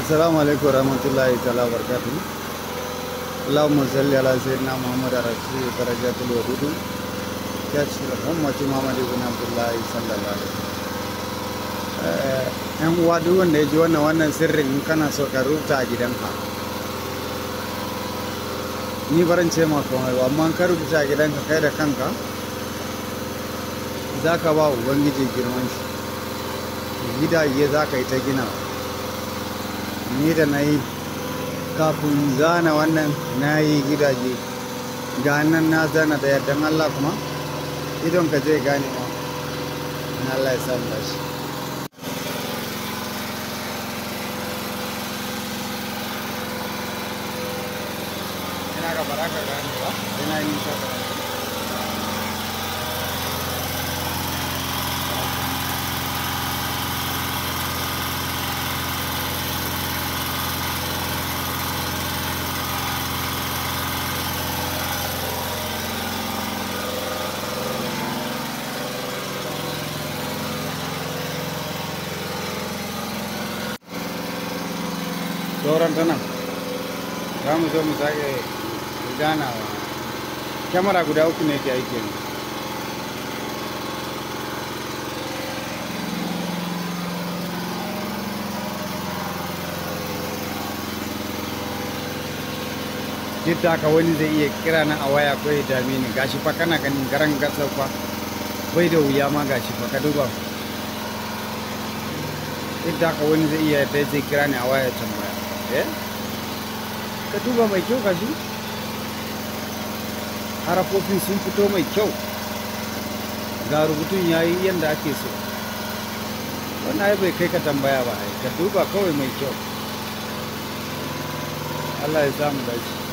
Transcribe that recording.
السلام عليكم ورحمة الله تعالى وبركاته اللهم صل على سيدنا محمد الله صلى الله عليه وسلم yan uwa duk wanda ya ji wannan wannan sirrin in kana so ka rubuta a gidanka ni baran ce ma ba amma ka rubuta a gidanka kai da kanka za ka ba ubangiji girman shi Gidaye za ka yi ta ginawa ni da na yi kafin zana wannan na yi gidaje ga nan na zana da yardan Allah kuma idon ka zai gane ma na Allah ya samu dashi sauran tana, za mu zo mu sake ganawa kyamara guda uku ne ke aiki yanzu duk da haka wani zai iya kira na a waya ko ya dame ni gashi fa kana ganin garan gasar fa bai da wuya ma gashi fa ka duba duk da haka wani zai iya dai zai kira ni a waya tambaya Eh? ka duba mai kyau kashi harafofin sun fito mai kyau ga rubutun ya yi yadda ake so wannan ai bai kai ka tambaya ba ka duba kawai mai kyau Allah ya samu dace